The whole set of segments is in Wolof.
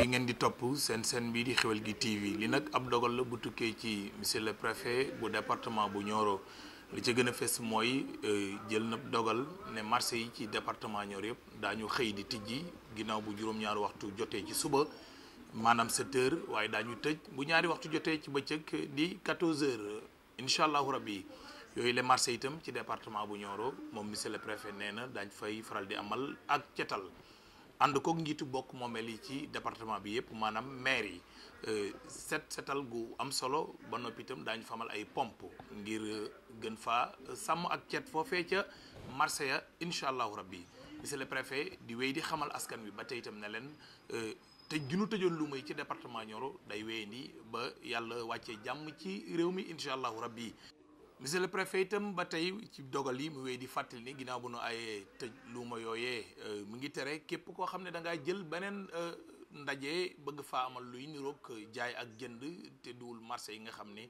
bi ngeen di topp seen seen bii di xewal gi TV li nag ab dogal la bu tukkee ci monsieur le préfet bu département bu Nioro li ca gën a fes mooy euh, jël na dogal ne marché yi ci département Nioro yëpp daañu xëy di tijji ginnaaw bu juróom-ñaari waxtu jotee ci suba maanaam 7 heures waaye daañu tëj bu ñaari waxtu jotee ci bëccëg di 14 heures incha allahu rabbi yooyu le marché itam ci département bu Nioro moom monsieur le préfet nee na daañ fay faral di amal ak cetal ànd kook njiitu bokk moomeel yi ci département bi yëpp maanaam maire yi euh, set setal gu am solo ba noppi itam daañu famal ay pomp ngir euh, gën fa euh, sàmm ak cet foofee ca marché ya incha allahu rabbi monsieur le préfet di wéy di xamal askan wi ba tey itam ne leen tëj gi nu tëjoon lu muy ci département Nioro day wéyandi ba yàlla wàccee jàmm ci réew mi incha allahu rabbi monsieur le préfet itam ba tey ci dogal yi mu wéy di fàttali ni ginnaaw bu nu ayee tëj luuma yooyee euh, mu ngi tere képp koo xam ne da ngaa jël beneen euh, ndaje bëgg faamal luy niroog jaay ak jënd te duwul marché yi nga xam ne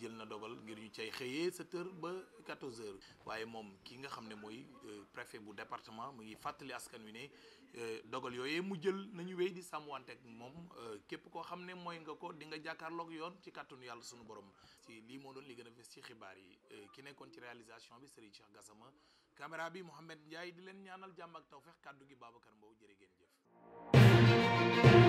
jël na dogal ngir ñu cay xëyee 7h ba 14h. waaye moom ki nga xam ne mooy euh, préfet bu département mu ngi fàttali askan wi ne euh, dogal yooyee mu jël nañu wéy di wanteek moom euh, képp koo xam ne mooy nga ko di nga jàkkaarloog yoon ci kàttanu yàlla sunu borom. si lii moo doon li gën a fës ci xibaar yi ki nekkoon ci réalisation bi Serigne Cheikh Gassama. caméra bi Mouhamed Ndiaye di leen ñaanal jàmm ak tawfeex kàddu gi Babacar Mbow jërë ngeen jëf